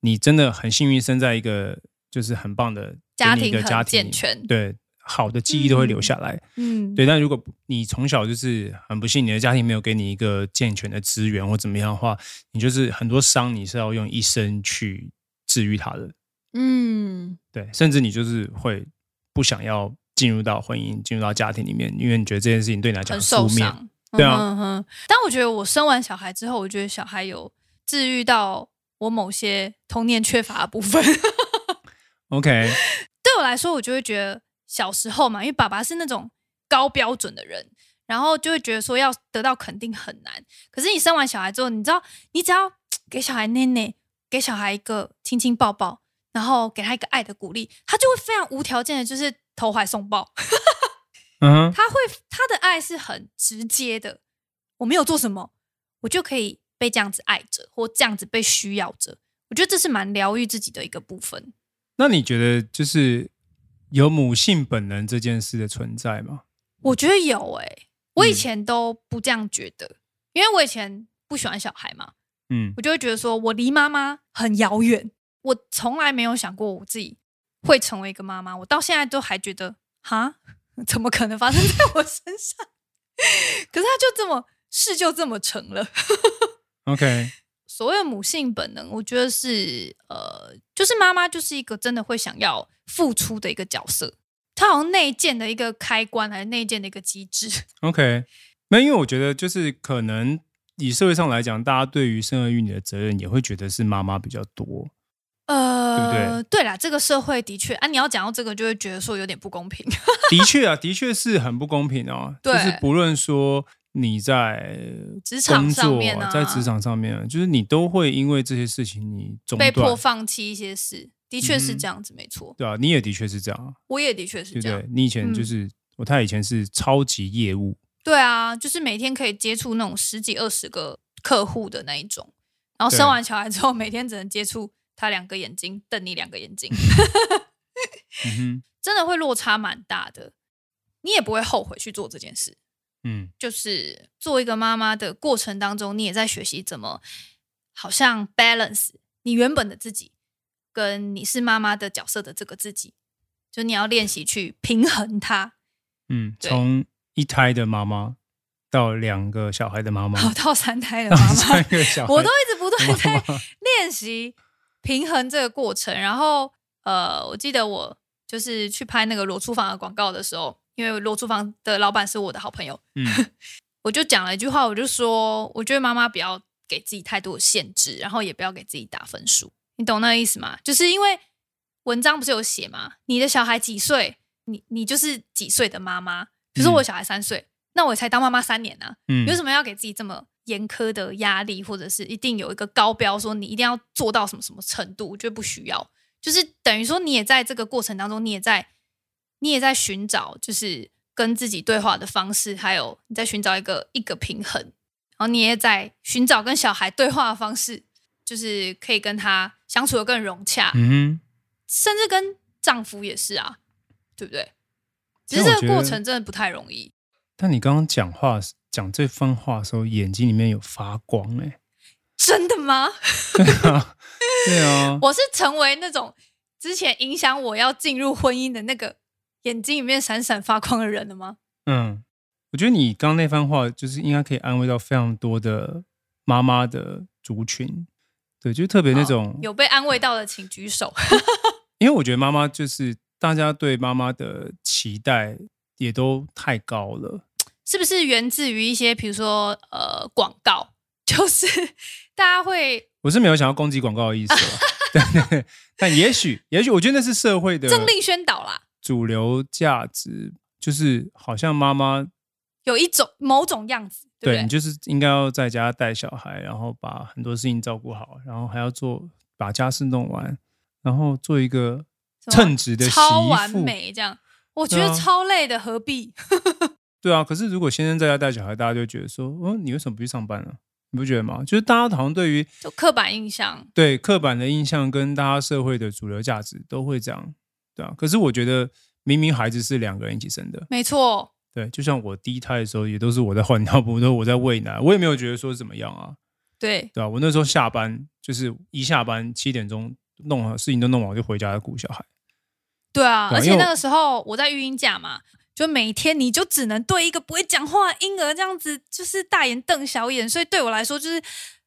B: 你真的很幸運，生在一個就是很棒的、的家庭，家庭健全，對，好的記憶都會留下來，嗯，嗯對。但如果你從小就是很不幸，你的家庭沒有給你一個健全的資源或怎麼樣的話，你就是很多傷，你是要用一生去治癒他的，嗯，對，甚至你就是會不想要。進入到婚姻，進入到家庭裡面，因為你覺得這件事情對你來講很，很受傷。對啊嗯嗯
A: 嗯。但我覺得我生完小孩之後，我覺得小孩有治癒到我某些童年缺乏的部分。 OK，對我來說，我就會覺得小時候嘛，因為爸爸是那種高標準的人，然後就會覺得說要得到肯定很難。可是你生完小孩之後，你知道，你只要給小孩奶奶，給小孩一個親親抱抱，然後給他一個愛的鼓勵，他就會非常無條件的，就是。投懷送抱，嗯、
B: uh-huh. 他
A: 會他的愛是很直接的。我沒有做什麼，我就可以被這樣子愛着，或這樣子被需要着。我覺得這是蠻療癒自己的一個部分。
B: 那你覺得就是有母性本能這件事的存在嗎？
A: 我覺得有哎、欸，我以前都不這樣覺得、嗯，因為我以前不喜歡小孩嘛。嗯，我就會覺得說我離媽媽很遙遠，我從來沒有想過我自己。會成為一個媽媽，我到現在都還覺得，哈，怎麼可能發生在我身上？可是他就這麼事，就這麼成了。OK，所謂母性本能，我覺得是呃，就是媽媽就是一個真的會想要付出的一個角色，她好像內建的一個開關還是內建的一個機制。
B: OK，那因為我覺得就是可能以社會上來講，大家對於生兒育女的責任也會覺得是媽媽比較多。
A: 呃。對不對？對啦，這個社會的確啊，你要講到這個，就會覺得說有點不公平。
B: 的確啊，的確是很不公平哦。就是不論說你在工作職場上面、啊，在職場上面、啊，就是你都會因為這些事情你，你被迫
A: 放棄一些事。的確是這樣子，嗯，沒錯。
B: 對啊，你也的確是這樣。
A: 我也的確是這樣。對
B: 對，你以前就是，嗯、我，太太以前是超級業務。
A: 對啊，就是每天可以接觸那種十幾二十個客戶的那一種。
B: 然後生完小
A: 孩之後，每天只能接觸。他兩個眼睛瞪你兩個眼睛， 真的會落差蠻大的。你也不會後悔去做這件事。
B: 嗯，
A: 就是做一個媽媽的過程當中，你也在學習怎麼好像 balance 你原本的自己跟你是媽媽的角色的這個自己，就你要練習去平衡它。
B: 嗯，從一胎的媽媽到兩個小孩的媽媽，好，到
A: 三胎的媽媽，三個小孩 我都一直不斷在練習媽媽。練習平衡這個過程，然後呃，我記得我就是去拍那個裸廚房的廣告的時候，因為裸廚房的老闆是我的好朋友，嗯、 我就講了一句話，我就說，我覺得媽媽不要給自己太多限制，然後也不要給自己打分數，你懂那個意思嗎？就是因為文章不是有寫嗎？你的小孩幾歲，你你就是幾歲的媽媽。
B: 比如說我小
A: 孩三歲、嗯，那我才當媽媽三年呢、啊、嗯，有什麼要給自己這麼？嚴苛的壓力，或者是一定有一個高標，說你一定要做到什麼什麼程度，我覺得不需要。就是等於說，你也在這個過程當中，你也在，你也在尋找，就是跟自己對話的方式，還有你在尋找一個一個平衡。然後你也在尋找跟小孩對話的方式，就是可以跟他相處得更融洽。嗯哼，甚至跟丈夫也是啊，對不對？其
B: 實這個過程
A: 真的不太容易。
B: 但，但你剛剛講話是講這番話的時候，眼睛裡面有發光欸，
A: 真的嗎？
B: 對啊，對啊，
A: 我是成為那種之前影響我要進入婚姻的那個眼睛裡面閃閃發光的人的嗎？嗯，
B: 我覺得你剛剛那番話就是應該可以安慰到非常多的媽媽的族群，對，就特別那種
A: 有被安慰到的，請舉手。
B: 因為我覺得媽媽就是大家對媽媽的期待也都太高了。
A: 是不是源自於一些，比如說，呃，廣告，就是大家會，
B: 我是沒有想要攻擊廣告的意思，啊對對對，但也許，也許，我覺得那是社會的政令宣導啦，主流價值就是好像媽媽
A: 有一種某種樣子，
B: 對，對你就是應該要在家帶小孩，然後把很多事情照顧好，然後還要做把家事弄完，然後做一個稱職的超完美
A: 這樣，我覺得超累的，啊，何必？
B: 對啊，可是如果先生在家帶小孩，大家就覺得說，哦、呃，你為什麼不去上班呢？啊？你不覺得嗎？就是大家好像對於
A: 就刻板印象，
B: 對刻板的印象跟大家社會的主流價值都會這樣，對啊。可是我覺得明明孩子是兩個人一起生的，沒錯。對，就像我第一胎的時候也都是我在換尿布，都我在餵奶，我也沒有覺得說怎麼樣啊。對，對啊。我那時候下班就是一下班七點鐘弄好事情都弄完就回家顧小孩。對啊，
A: 對啊，而且那個時候我在育嬰假嘛。就每天你就只能對一個不會講話的嬰兒這樣子，就是大眼瞪小眼，所以對我來說就是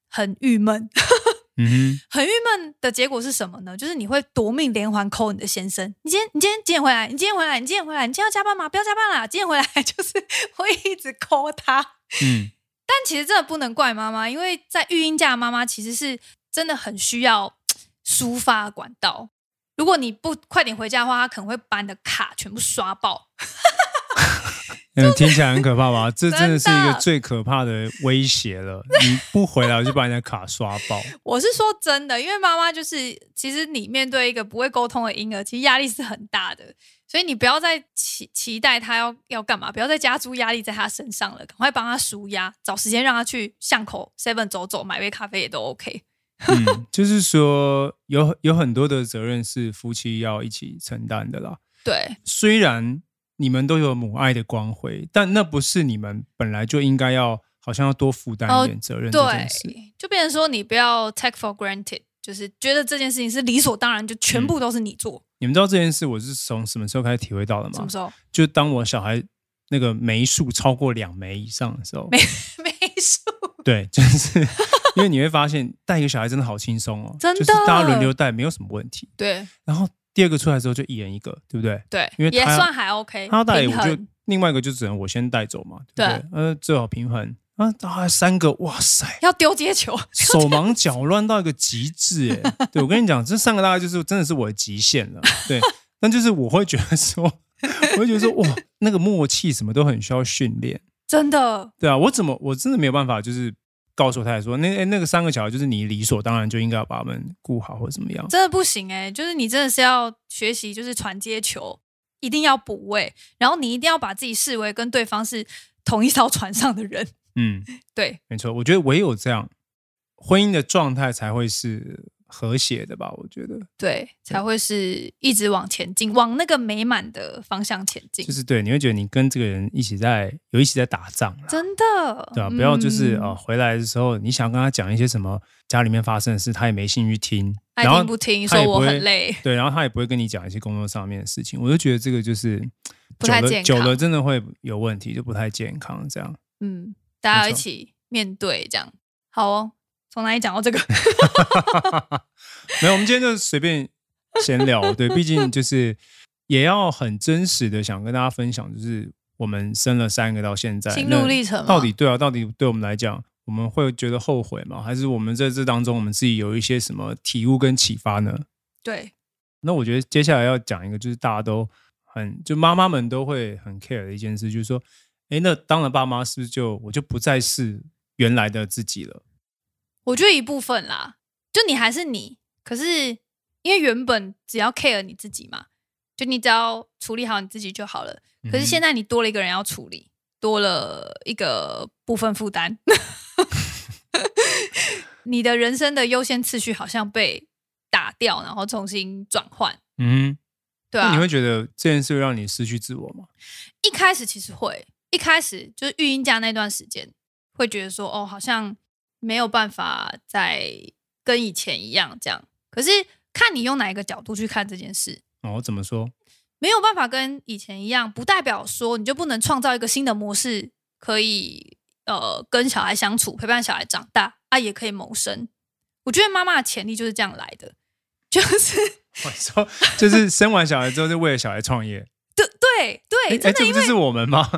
A: 很鬱悶。 嗯、很鬱悶的結果是什麼呢？就是你會奪命連環 call 你的先生。你今天，你今天幾點回來？你今天回來？你今天回來？你今天要加班嗎？不要加班啦、啊！今天回來就是會一直 call 他。嗯，但其實真的不能怪媽媽，因為在育嬰假，媽媽其實是真的很需要抒發管道。如果你不快點回家的話，他可能會把你的卡全部刷爆。
B: 嗯，聽起來很可怕吧？這真的是一個最可怕的威脅了。你不回來，我就把你的卡刷爆。
A: 我是說真的，因為媽媽就是，其實你面對一個不會溝通的嬰兒，其實壓力是很大的。所以你不要再期期待他要要幹嘛，不要再加諸壓力在他身上了。趕快幫他舒壓，找時間讓他去巷口 Seven 走走，買杯咖啡也都 OK。 嗯，
B: 就是說有有很多的責任是夫妻要一起承擔的啦。對，雖然。你們都有母愛的光輝，但那不是你們本來就應該要，好像要多負擔一點責任這件事，哦，
A: 對，就變成說，你不要 take for granted，就是覺得這件事情是理所當然，就全部都是你做。嗯，
B: 你們知道這件事，我是從什麼時候開始體會到的嗎？什麼時候？就當我小孩那個枚數超過兩枚以上的時候，沒枚數。對，就是因為你會發現帶一個小孩真的好輕鬆哦，真的，就是大家輪流帶，沒有什麼問題。對，然後。第二個出來之後就一人一個，對不對？對，因為他也算還 OK 他。他帶我，就另外一個就只能我先帶走嘛。對不對？對，呃，最好平衡啊啊！三個，哇塞，
A: 要丟接球，
B: 手忙腳亂到一個極致誒。 對，我跟你講，這三個大概就是真的是我的極限了。對， 但就是我會覺得說，我會覺得說哇，那個默契什麼都很需要訓練，
A: 真的。
B: 對啊，我怎麼我真的沒有辦法，就是。告訴太太說，那那個三個小孩就是你理所當然就應該要把他們顧好或怎麼樣，真
A: 的不行哎、欸，就是你真的是要學習，就是傳接球一定要補位，然後你一定要把自己視為跟對方是同一艘船上的人。
B: 嗯，對，沒錯，我覺得唯有這樣，婚姻的狀態才會是。和諧的吧，我覺得，
A: 對，才會是一直往前進，往那個美滿的方向前進。就是對，
B: 你會覺得你跟這個人一起在有一起在打仗啦，
A: 真的對、啊，嗯、不要就是哦、
B: 呃，回來的時候你想跟他講一些什麼家裡面發生的事，他也沒興趣聽，愛聽不聽然後他也不聽，說我很累。對，然後他也不會跟你講一些工作上面的事情。我就覺得這個就是久了不太健康，久了真的會有問題，就不太健康這樣。
A: 嗯，大家一起面對這樣好哦。從哪裡講
B: 到這個？ 沒有，我們今天就隨便閒聊。對，畢竟就是也要很真實的想跟大家分享，就是我們生了三個到現在，心路歷程到底對啊？到底對我們來講，我們會覺得後悔嗎？還是我們在這當中，我們自己有一些什麼體悟跟啟發呢？對。那我覺得接下來要講一個，就是大家都很就媽媽們都會很 care 的一件事，就是說，哎、欸，那當了爸媽，是不是就我就不再是原來的自己了？
A: 我覺得一部分啦，就你還是你，可是因為原本只要 care 你自己嘛，就你只要處理好你自己就好了。嗯、可是現在你多了一個人要處理，多了一個部分負擔， 你的人生的優先次序好像被打掉，然後重新轉換。
B: 嗯，對啊，你會覺得這件事會讓你失去自我嗎？
A: 一開始其實會，一開始就是育嬰假那段時間，會覺得說哦，好像。沒有辦法再跟以前一樣這樣，可是看你用哪一個角度去看這件事哦。怎麼說？沒有辦法跟以前一樣，不代表說你就不能創造一個新的模式，可以呃跟小孩相處，陪伴小孩長大啊，也可以謀生。我覺得媽媽的潛力就是這樣來的，就是
B: 我說，就是生完小孩之後就為了小孩創業。
A: 對 對對，對對真的，哎，這不就是
B: 我們嗎？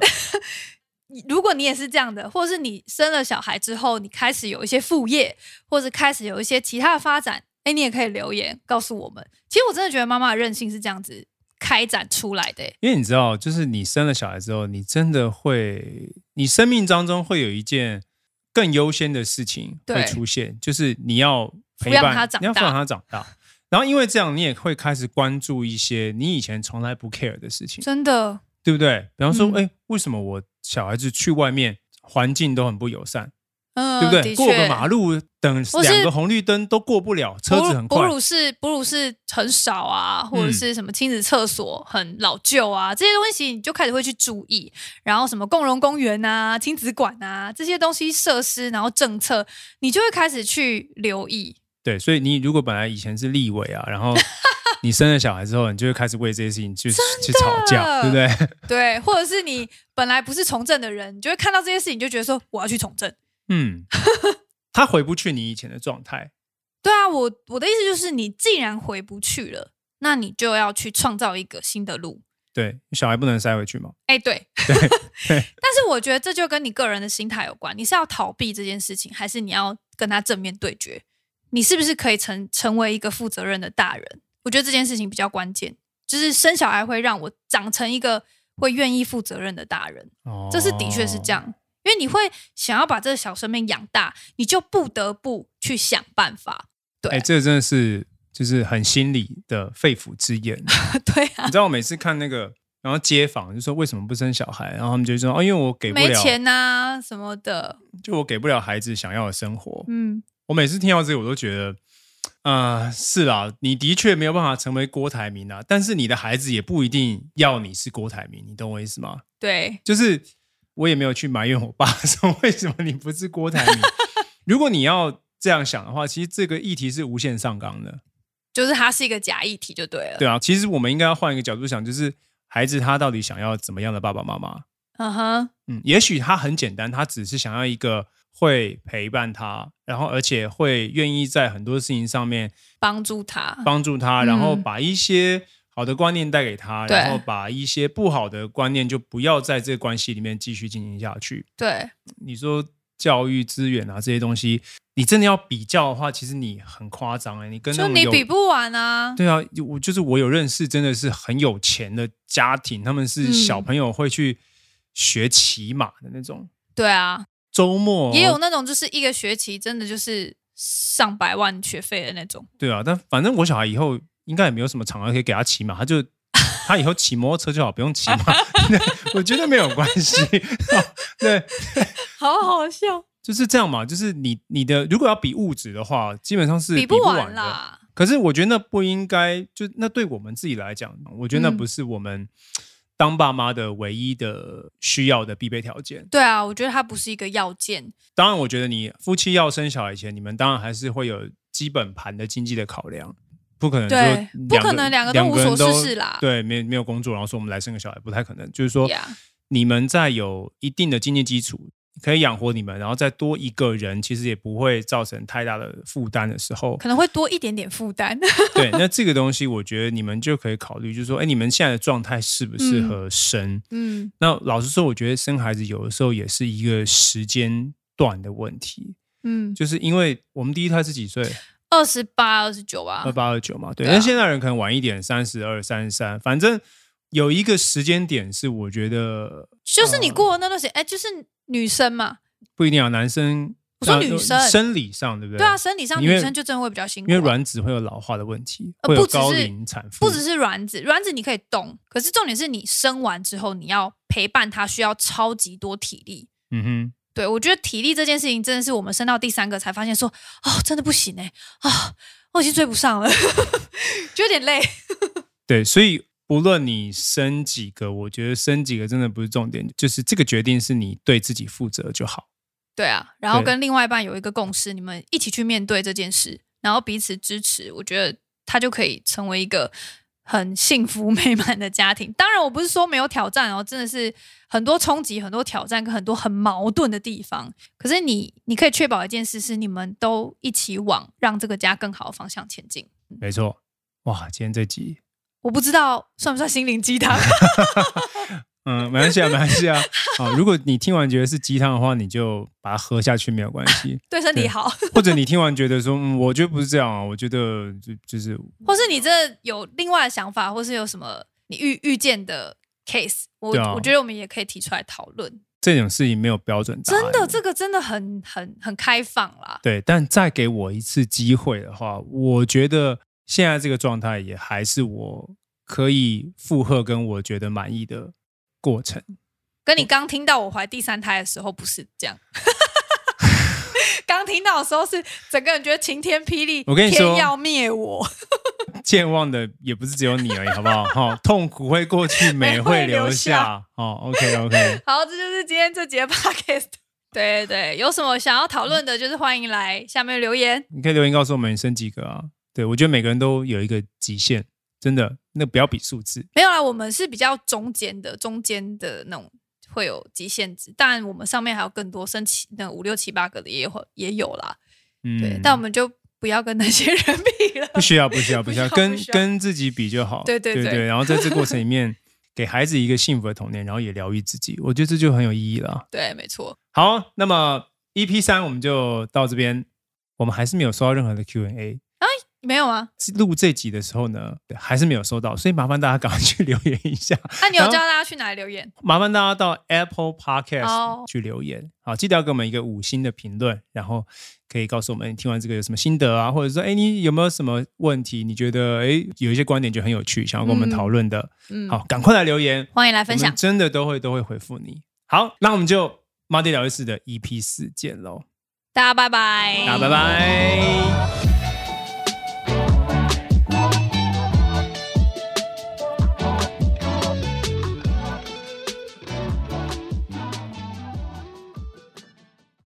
A: 如果你也是這樣的，或者是你生了小孩之後，你開始有一些副業，或者是開始有一些其他的發展，哎，你也可以留言告訴我們。其實我真的覺得媽媽的韌性是這樣子開展出來的。因
B: 為你知道，就是你生了小孩之後，你真的會，你生命當中會有一件更優先的事情會出現，就是你要陪伴他，你要撫養他長大。長大 然後因為這樣，你也會開始關注一些你以前從來不 care 的事情，真的。對不對？比方說，哎、欸，為什麼我小孩子去外面環境都很不友善？嗯，對不對？過個馬路等兩個紅綠燈都過不了，車子很快。哺乳室、
A: 哺乳室很少啊，或者是什麼親子廁所、嗯、很老舊啊，這些東西你就開始會去注意。然後什麼共融公園啊、親子館啊這些東西設施，然後政策，你就會開始去留意。
B: 對，所以你如果本來以前是立委啊，然後。 你生了小孩之後，你就會開始為這些事情去去吵架，對不對？
A: 對，或者是你本來不是從政的人，你就會看到這些事情，就覺得說我要去從政。嗯，
B: 他回不去你以前的狀態。
A: 對啊，我我的意思就是，你既然回不去了，那你就要去創造一個新的路。
B: 對，小孩不能塞回去嗎？哎、
A: 欸， 對。但是我覺得這就跟你個人的心態有關。你是要逃避這件事情，還是你要跟他正面對決？你是不是可以成成為一個負責任的大人？我覺得這件事情比較關鍵，就是生小孩會讓我長成一個會願意負責任的大人。哦，
B: 這是的確是
A: 這樣，因為你會想要把這個小生命養大，你就不得不去想辦法。
B: 對，欸，這個真的是就是很心裡的肺腑之言。 對啊，你知道我每次看那個，然後街坊，就說為什麼不生小孩，然後他們就說哦，因為我給不了沒錢
A: 啊什麼的，
B: 就我給不了孩子想要的生活。嗯，我每次聽到這個，我都覺得。啊、呃，是啦，你的確沒有辦法成為郭台銘啊，但是你的孩子也不一定要你是郭台銘，你懂我意思嗎？對，就是我也沒有去埋怨我爸，說為什麼你不是郭台銘。 如果你要這樣想的話，其實這個議題是無限上綱的，
A: 就是它是一個假議題就對了。對
B: 啊，其實我們應該要換一個角度想，就是孩子他到底想要怎麼樣的爸爸媽媽？嗯哼、uh-huh，嗯，也許他很簡單，他只是想要一個。會陪伴他，然後而且會願意在很多事情上面
A: 幫助他，幫
B: 助他，嗯、然後把一些好的觀念帶給他，然後把一些不好的觀念就不要在這個關係裡面繼續進行下去。對，你說教育資源啊這些東西，你真的要比較的話，其實你很誇張哎、欸，你跟就你比不
A: 完啊。
B: 對啊，我就是我有認識，真的是很有錢的家庭，他們是小朋友會去學騎馬的那種。嗯、對啊。周末也有那
A: 種，就是一個學期真的就是上百萬學費的那種。
B: 對啊，但反正我小孩以後應該也沒有什麼場合可以給他騎馬，他就 他以後騎摩托車就好，不用騎馬。 我覺得沒有關係。 對，好好笑。就是這樣嘛，就是你你的如果要比物質的話，基本上是比不完的，比不完啦。可是我覺得那不應該，就那對我們自己來講，我覺得那不是我們。嗯當爸媽的唯一的需要的必備條件，
A: 對啊，我覺得它不是一個要件。
B: 當然，我覺得你夫妻要生小孩前，你們當然還是會有基本盤的經濟的考量，不可能兩個，對，不可能兩個人都無所事事啦，對，沒沒有工作，然後說我們來生個小孩不太可能，就是說，yeah. 你們在有一定的經濟基礎。可以養活你們，然後再多一個人，其實也不會造成太大的負擔的時候，可
A: 能會多一點點負擔。
B: 對，那這個東西，我覺得你們就可以考慮，就是說，哎、欸，你們現在的狀態適不適合生、嗯？嗯，那老實說，我覺得生孩子有的時候也是一個時間段的問題。嗯，就是因為我們第一胎是幾歲？
A: 二十八、二十九啊？二
B: 八二九嘛，對。對啊、那現在人可能晚一點，三十二、三十三，反正。有一個時間點是，我覺得就
A: 是你過的那段時間，哎、呃，就是女生嘛，
B: 不一定要男生。說女生生理上生對不對？對啊，生理上女生就真
A: 的會比較辛苦，啊因，因為
B: 卵子會有老化的問題。呃、不只是產婦，不只
A: 是卵子，卵子你可以動，可是重點是你生完之後，你要陪伴他，需要超級多體力。嗯
B: 哼，
A: 對，我覺得體力這件事情，真的是我們生到第三個才發現說，說哦，真的不行哎，欸，啊、哦，我已經追不上了， 就有點累。
B: 對，所以。不論你生幾個，我覺得生幾個真的不是重點，就是這個決定是你對自己負責就好。
A: 對啊，然後跟另外一半有一個共識，你們一起去面對這件事，然後彼此支持，我覺得他就可以成為一個很幸福美滿的家庭。當然，我不是說沒有挑戰哦，真的是很多衝擊、很多挑戰跟很多很矛盾的地方。可是你，你可以確保一件事是你們都一起往讓這個家更好的方向前進。
B: 沒錯，嗯，哇，今天這集。
A: 我不知道算不算心靈雞湯？
B: 嗯，沒關係啊，沒關係啊。好，如果你聽完覺得是雞湯的話，你就把它喝下去，沒有關係， 對身體好。 或者你聽完覺得說、嗯，我覺得不是這樣啊，我覺得就就是，
A: 或是你這有另外的想法，或是有什麼你遇遇見的 case，我、啊、我覺得我們也可以提出來討論。
B: 這種事情沒有標準答案，真
A: 的，這個真的很很很開放啦。
B: 對，但再給我一次機會的話，我覺得。現在這個狀態也還是我可以負荷跟我覺得滿意的過程。
A: 跟你剛聽到我懷第三胎的時候不是這樣， 剛聽到的時候是整個人覺得晴天霹靂，我跟你說天要滅
B: 我。 健忘的也不是只有你而已，好不好？哈、哦，痛苦會過去，美會留下。好、哦、OK，OK、okay, okay。
A: 好，這就是今天這節 Podcast。對對，有什麼想要討論的，就是歡迎來下面留言。
B: 你可以留言告訴我們你生幾個啊？對，我覺得每個人都有一個極限，真的。那不要比數字，
A: 沒有啦，我們是比較中間的，中間的那種會有極限值，但我們上面還有更多甚至那五六七八個的也會也有啦、嗯。
B: 對，但我
A: 們就不要跟那些人比了。
B: 不需要，不需要，不需要， 不需要跟需要跟自己比就好。 對對對，對，對對。然後在這過程裡面， 給孩子一個幸福的童年，然後也療癒自己，我覺得這就很有意義了。對，沒錯。好，那麼 EP 三我們就到這邊，我們還是沒有收到任何的 Q&A。沒有啊，錄這集的時候呢，還是沒有收到，所以麻煩大家趕快去留言一下。那、啊、你有教大家去哪裡留言？麻煩大家到 Apple Podcast 去留言。好，記得要給我們一個五星的評論，然後可以告訴我們、欸、聽完這個有什麼心得啊，或者說，哎、欸，你有沒有什麼問題？你覺得，哎、欸，有一些觀點就很有趣，想要跟我們討論的嗯，嗯，好，趕快來留言，
A: 歡迎來分
B: 享，真的都會都會回復你。好，那我們就媽爹聊次的 EP 四見嘍，
A: 大家拜拜，啊，拜拜。